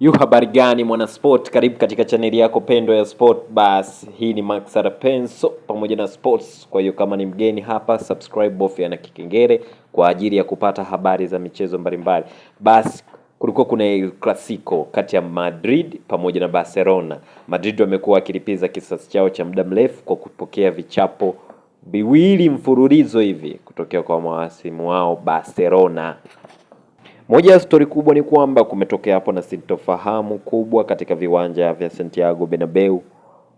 Yu habari gani mwana sport, karibu katika chaneli yako pendwa ya sport. Bas, hii ni Max Arapenso pamoja na sports. Kwa hiyo kama ni mgeni hapa, subscribe bofya na kikengere kwa ajili ya kupata habari za michezo mbalimbali. Basi kulikuwa kuna El Clasico kati ya Madrid pamoja na Barcelona. Madrid wamekuwa wakilipiza kisasi chao cha muda mrefu kwa kupokea vichapo viwili mfululizo hivi kutokea kwa mawasimu wao Barcelona. Moja ya stori kubwa ni kwamba kumetokea hapo na sintofahamu kubwa katika viwanja vya Santiago Bernabeu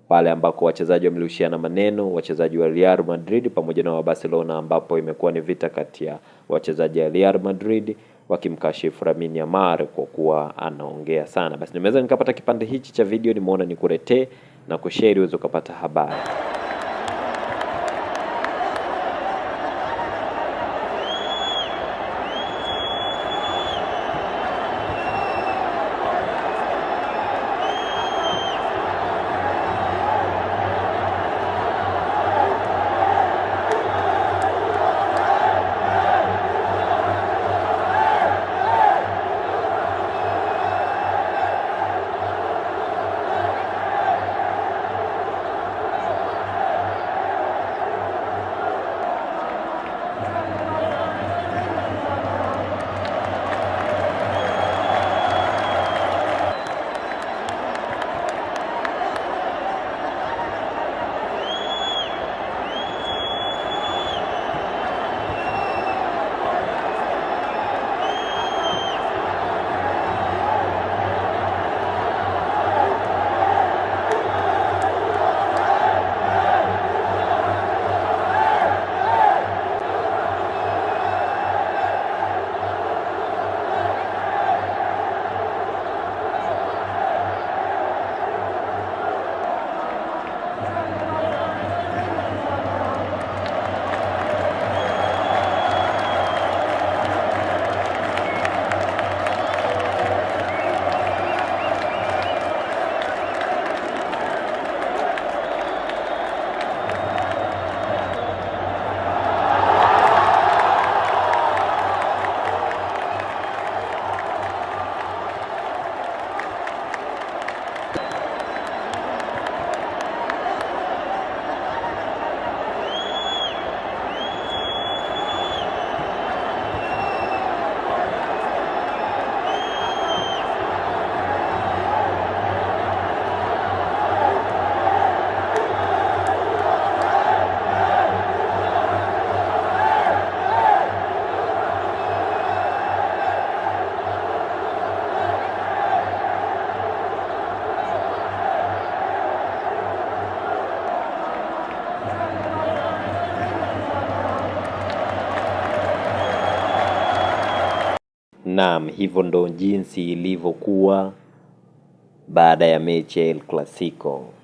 pale ambako wachezaji wamerushiana maneno, wachezaji wa Real Madrid pamoja na wa Barcelona, ambapo imekuwa ni vita kati ya wachezaji wa Real Madrid wakimkashifu Lamine Yamal kwa kuwa anaongea sana. Basi nimeweza nikapata kipande hichi cha video, nimeona nikuletee na kushare uweze ukapata habari. Naam, hivyo ndo jinsi ilivyokuwa baada ya mechi ya El Clasico.